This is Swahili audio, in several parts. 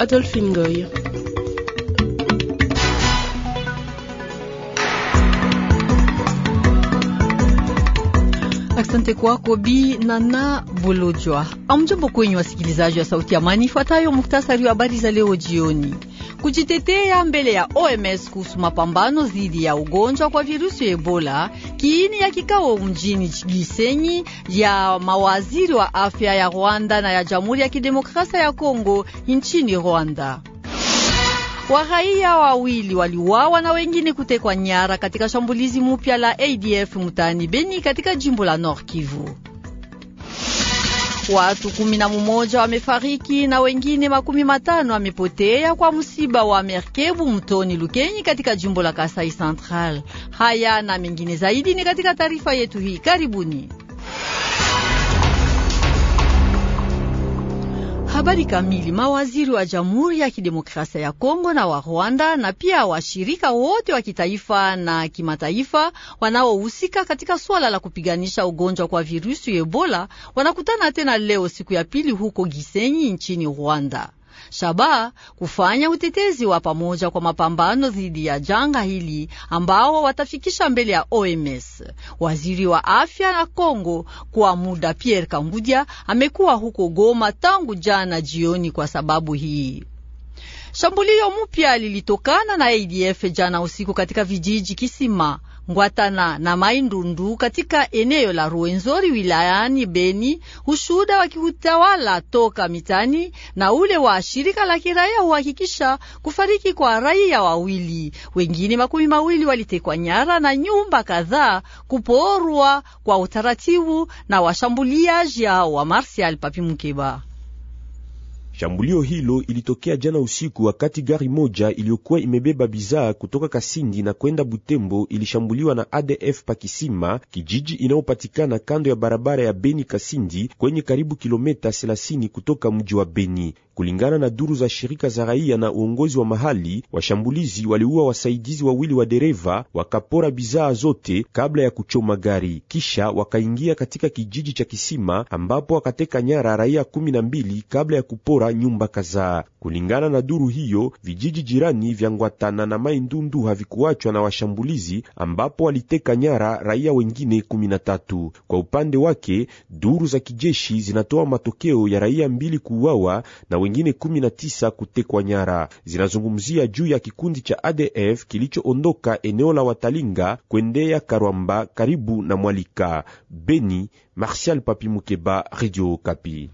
Adolphe Ngoy. Asante kwako Bi Nana Bolojwa. Amjambo kwenye wasikilizaji wa Sauti ya Amani, ifuatayo muktasari wa habari za leo jioni kujitetea mbele ya OMS kuhusu mapambano dhidi ya ugonjwa kwa virusi ya Ebola, kiini ya kikao mjini Gisenyi ya mawaziri wa afya ya Rwanda na ya Jamhuri ya Kidemokrasia ya Kongo nchini Rwanda. Wahaiya wawili waliuawa na wengine kutekwa nyara katika shambulizi mupya la ADF mtaani Beni katika jimbo la Nord Kivu. Watu kumi na mumoja wamefariki na wengine makumi matano wamepotea kwa msiba wa merkebu mtoni Lukenyi katika jimbo la Kasai Central. Haya na mengine zaidi ni katika taarifa yetu hii. Karibuni. Habari kamili. Mawaziri wa Jamhuri ya Kidemokrasia ya Kongo na wa Rwanda na pia washirika wote wa kitaifa na kimataifa wanaohusika katika suala la kupiganisha ugonjwa kwa virusi Ebola wanakutana tena leo siku ya pili huko Gisenyi nchini Rwanda. Shaba kufanya utetezi wa pamoja kwa mapambano dhidi ya janga hili ambao watafikisha mbele ya OMS. Waziri wa afya na Kongo kwa muda Pierre Kambudia amekuwa huko Goma tangu jana jioni kwa sababu hii. Shambulio mupya lilitokana na ADF jana usiku katika vijiji Kisima Ngwatana na Maindundu katika eneo la Ruwenzori wilayani Beni, ushuhuda wa kiutawala toka mitani na ule wa shirika la kiraia huhakikisha kufariki kwa raia wawili, wengine makumi mawili walitekwa nyara na nyumba kadhaa kuporwa kwa utaratibu na washambuliaji hao wa Marsial Papi Mukeba. Shambulio hilo ilitokea jana usiku wakati gari moja iliyokuwa imebeba bidhaa kutoka Kasindi na kwenda Butembo ilishambuliwa na ADF Pakisima, kijiji inayopatikana kando ya barabara ya Beni Kasindi, kwenye karibu kilometa 30 kutoka mji wa Beni. Kulingana na duru za shirika za raia na uongozi wa mahali, washambulizi waliua wasaidizi wawili wa dereva, wakapora bidhaa zote kabla ya kuchoma gari, kisha wakaingia katika kijiji cha Kisima ambapo wakateka nyara raia kumi na mbili kabla ya kupora nyumba kadhaa. Kulingana na duru hiyo, vijiji jirani vya Ngwatana na Maindundu havikuachwa na washambulizi, ambapo waliteka nyara raia wengine kumi na tatu. Kwa upande wake, duru za kijeshi zinatoa matokeo ya raia mbili kuuawa na wengine 19 kutekwa nyara. Zinazungumzia juu ya kikundi cha ADF kilichoondoka eneo la Watalinga kwendea Karwamba karibu na Mwalika. Beni, marshal Papi Mukeba, Radio Kapi.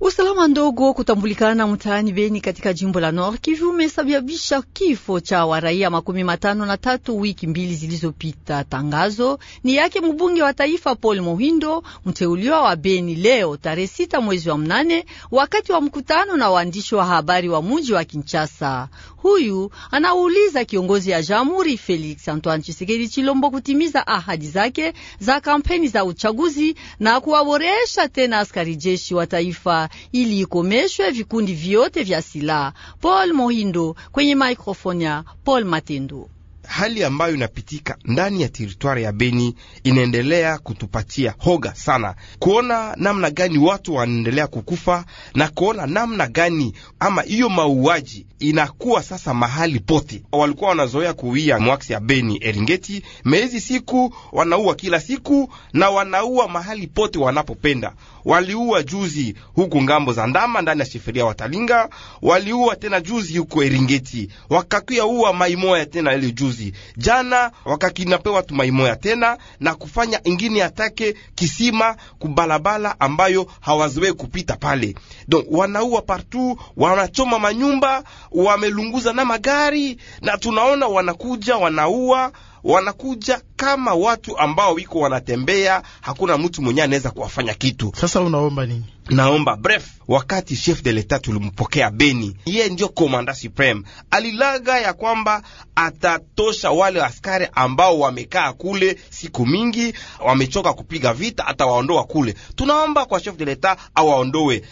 Usalama ndogo kutambulikana mtaani Beni katika jimbo la Nord Kivu umesababisha kifo cha waraia makumi matano na tatu wiki mbili zilizopita. Tangazo ni yake mbunge wa taifa Paul Mohindo, mteuliwa wa Beni leo tarehe sita mwezi wa mnane, wakati wa mkutano na waandishi wa habari wa muji wa Kinshasa. Huyu anauliza kiongozi ya jamhuri Felix Antoine chisekedi Chilombo kutimiza ahadi zake za kampeni za uchaguzi na kuwaboresha tena askari jeshi wa taifa ili ikomeshwe vikundi vyote vya silaha. Paul Mohindo kwenye mikrofoni ya Paul Matindu. Hali ambayo inapitika ndani ya teritwari ya Beni inaendelea kutupatia hoga sana, kuona namna gani watu wanaendelea kukufa na kuona namna gani ama hiyo mauaji inakuwa sasa mahali pote. Walikuwa wanazoea kuwia mwaksi ya Beni Eringeti, mezi siku wanaua kila siku na wanaua mahali pote wanapopenda waliua juzi huku ngambo za Ndama ndani ya sheferia Watalinga, waliua tena juzi huko Eringeti, wakakuya uwa maimoya tena ile juzi jana, wakakinapewa tu maimoya tena na kufanya ingine atake kisima kubalabala ambayo hawazoe kupita pale. Don wanaua partu wanachoma manyumba, wamelunguza na magari, na tunaona wanakuja wanaua wanakuja kama watu ambao wiko wanatembea, hakuna mtu mwenye anaweza kuwafanya kitu. Sasa unaomba nini? Naomba bref, wakati chef de l'etat tulimpokea Beni, yeye ndio komanda supreme, alilaga ya kwamba atatosha wale askari ambao wamekaa kule siku mingi, wamechoka kupiga vita, atawaondoa kule. Tunaomba kwa chef de l'etat awaondoe.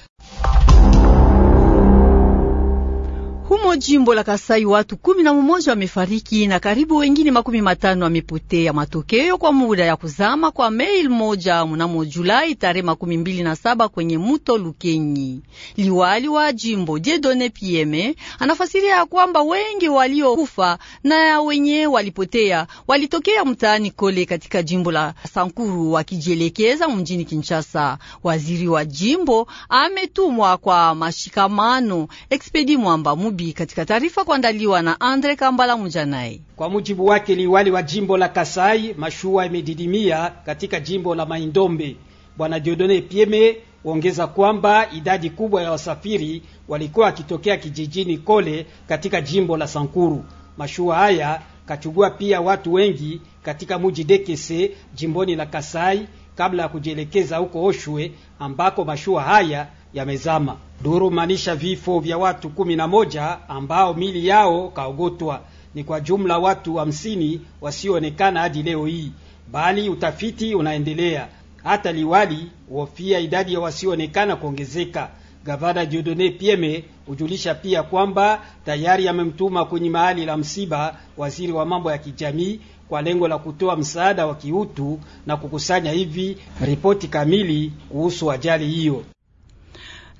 jimbo la Kasai watu kumi na mmoja wamefariki na karibu wengine makumi matano wamepotea. Matokeo kwa muda ya kuzama kwa meli moja mnamo Julai tarehe makumi mbili na saba kwenye muto Lukenyi. Liwali wa jimbo Jedone Pieme anafasiria kwamba wengi waliokufa na wenye walipotea walitokea mtaani Kole katika jimbo la Sankuru wakijielekeza mjini Kinshasa. Waziri wa jimbo ametumwa kwa mashikamano Expedi Mwamba Mubi katika taarifa kuandaliwa na Andre Kambala Mujanai. Kwa mujibu wake liwali wa jimbo la Kasai, mashua imedidimia katika jimbo la Maindombe. Bwana Diodone Pieme ongeza kwamba idadi kubwa ya wasafiri walikuwa wakitokea kijijini Kole katika jimbo la Sankuru. Mashua haya kachugua pia watu wengi katika muji Dekese jimboni la Kasai kabla ya kujielekeza huko Oshwe ambako mashua haya yamezama. Duru maanisha vifo vya watu kumi na moja ambao mili yao kaogotwa ni kwa jumla watu hamsini wasioonekana hadi leo hii, bali utafiti unaendelea. Hata liwali wofia idadi ya wasioonekana kuongezeka. Gavana Diodone Pieme hujulisha pia kwamba tayari amemtuma kwenye mahali la msiba waziri wa mambo ya kijamii kwa lengo la kutoa msaada wa kiutu na kukusanya hivi ripoti kamili kuhusu ajali hiyo.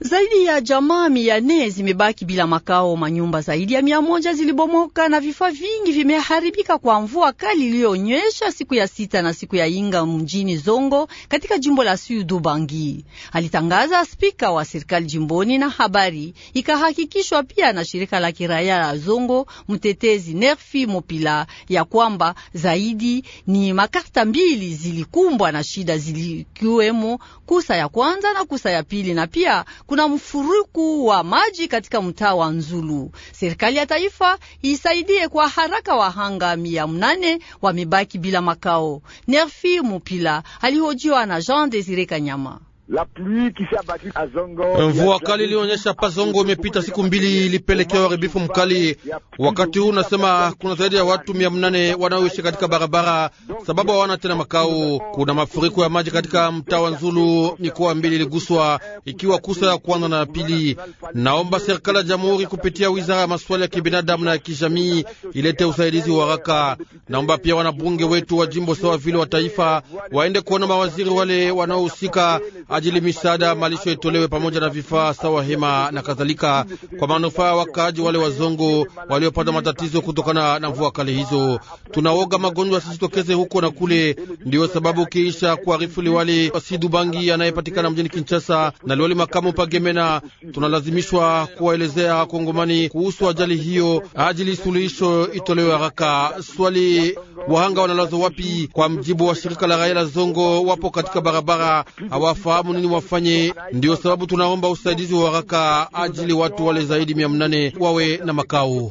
Zaidi ya jamaa mia nne zimebaki bila makao. Manyumba zaidi ya mia moja zilibomoka na vifaa vingi vimeharibika kwa mvua kali iliyonyesha siku ya sita na siku ya inga mjini Zongo katika jimbo la Sud Ubangi, alitangaza spika wa serikali jimboni, na habari ikahakikishwa pia na shirika la kiraia la Zongo, mtetezi Nerfi Mopila, ya kwamba zaidi ni makarta mbili zilikumbwa na shida, zilikiwemo kusa ya kwanza na kusa ya pili na pia kuna mfuruku wa maji katika mtaa wa Nzulu. Serikali ya taifa isaidie kwa haraka, wahanga mia mnane wamebaki bila makao. Nerfi Mupila alihojiwa na Jean Desire Kanyama. Mvua kali ilionyesha pa Zongo imepita siku mbili, ilipelekea uharibifu mkali. Wakati huu nasema kuna zaidi ya watu mia mnane wanaoishi katika barabara, sababu hawana tena makao. Kuna mafuriko ya maji katika mtaa wa Nzulu, mikoa mbili iliguswa, ikiwa kusa ya kwanza na ya pili. Naomba serikali ya jamhuri kupitia wizara ya masuala ya kibinadamu na ya kijamii ilete usaidizi wa haraka. Naomba pia wanabunge wetu wa jimbo sawa vile wa taifa waende kuona mawaziri wale wanaohusika ajili misaada malisho itolewe pamoja na vifaa sawa hema na kadhalika, kwa manufaa wakaaji wale wazongo waliopata matatizo kutokana na mvua kali hizo. Tunaoga magonjwa asitokeze huko na kule. Ndiyo sababu kiisha kuarifu liwali sidubangi anayepatikana mjini Kinshasa na liwali makamu Pagemena, tunalazimishwa kuwaelezea Kongomani kuhusu ajali hiyo ajili suluhisho itolewe haraka. Swali, wahanga wanalazwa wapi? Kwa mjibu wa shirika la raia la Zongo, wapo katika barabara hawafahamu wanafahamu nini wafanye. Ndiyo sababu tunaomba usaidizi wa haraka ajili watu wale zaidi mia mnane wawe na makao.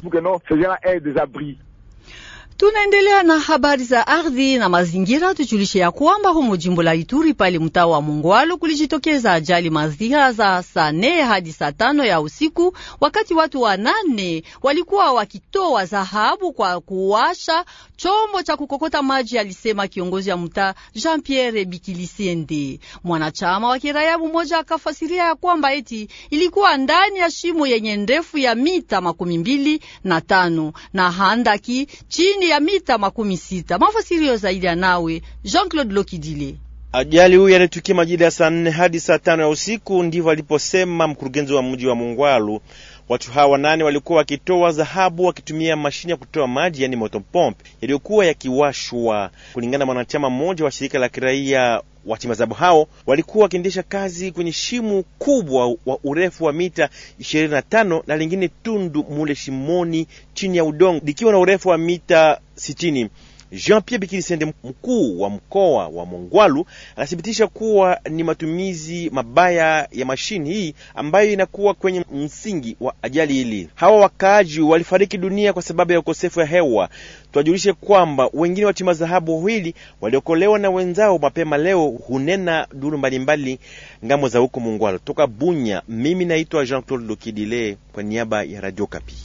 Tunaendelea na habari za ardhi na mazingira. Tujulishe ya kwamba humo jimbo la Ituri pale mtaa wa Mungwalo kulijitokeza ajali mazia za saa nne hadi saa tano ya usiku, wakati watu wanane walikuwa wakitoa zahabu dhahabu kwa kuwasha chombo cha kukokota maji, alisema kiongozi ya mtaa Jean Pierre Bikilisiende. Mwanachama wa kiraia mmoja akafasiria ya kwamba eti ilikuwa ndani ya shimo yenye ndefu ya mita makumi mbili na tano na handaki chini zaidi ya mita makumi sita. Mafasirio zaidi anawe Jean-Claude Lokidile. Ajali huyu yalitukia majira ya saa nne hadi saa tano ya usiku, ndivyo aliposema mkurugenzi wa mji wa Mungwalu. Watu hawa wanane walikuwa wakitoa dhahabu wakitumia mashine ya kutoa maji, yani moto pomp, yaliyokuwa yakiwashwa. Kulingana na mwanachama mmoja wa shirika la kiraia Watimazabu hao walikuwa wakiendesha kazi kwenye shimu kubwa wa urefu wa mita 25 na lingine tundu mule shimoni chini ya udongo likiwa na urefu wa mita 60. Jean-Pierre Bikirisende, mkuu wa mkoa wa Mongwalu, anathibitisha kuwa ni matumizi mabaya ya mashini hii ambayo inakuwa kwenye msingi wa ajali hili. Hawa wakaaji walifariki dunia kwa sababu ya ukosefu ya hewa. Tuwajulishe kwamba wengine watima dhahabu wawili waliokolewa na wenzao mapema leo, hunena duru mbalimbali ngamo za huko Mongwalu. Toka Bunya, mimi naitwa Jean-Claude Lokidile kwa niaba ya Radio Kapi.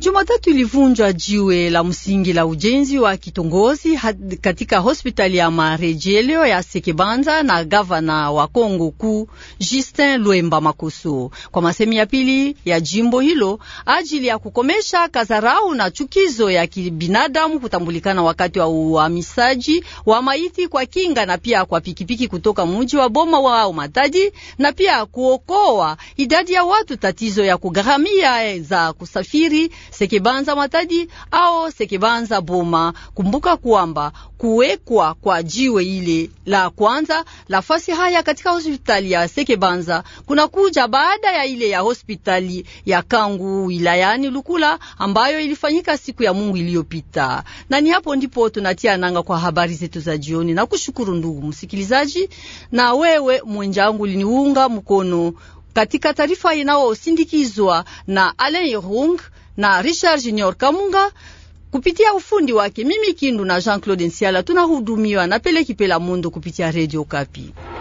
Jumatatu ilivunjwa jiwe la msingi la ujenzi wa kitongozi katika hospitali ya marejeleo ya Sekebanza na gavana wa Kongo Kuu Justin Lwemba Makusu kwa masemi ya pili ya jimbo hilo ajili ya kukomesha kazarau na chukizo ya kibinadamu kutambulikana wakati wa uhamisaji wa maiti kwa kinga na pia kwa pikipiki kutoka mji wa Boma wao Matadi na pia kuokoa idadi ya watu tatizo ya kugharamia za kusafiri Sekebanza Matadi au Sekebanza Boma. Kumbuka kwamba kuwekwa kwa jiwe ile la kwanza la fasi haya katika hospitali ya Sekebanza kunakuja baada ya ile ya hospitali ya Kangu wilayani Lukula ambayo ilifanyika siku ya Mungu iliyopita. Na ni hapo ndipo tunatia nanga kwa habari zetu za jioni, na kushukuru ndugu msikilizaji na wewe mwenjangu liniunga mkono katika taarifa inayosindikizwa na Alain Rung na Richard Junior Kamunga kupitia ufundi wake. Mimi Kindu na Jean-Claude Nsiala tunahudumiwa na Pele Pela Mundu kupitia Radio Kapi.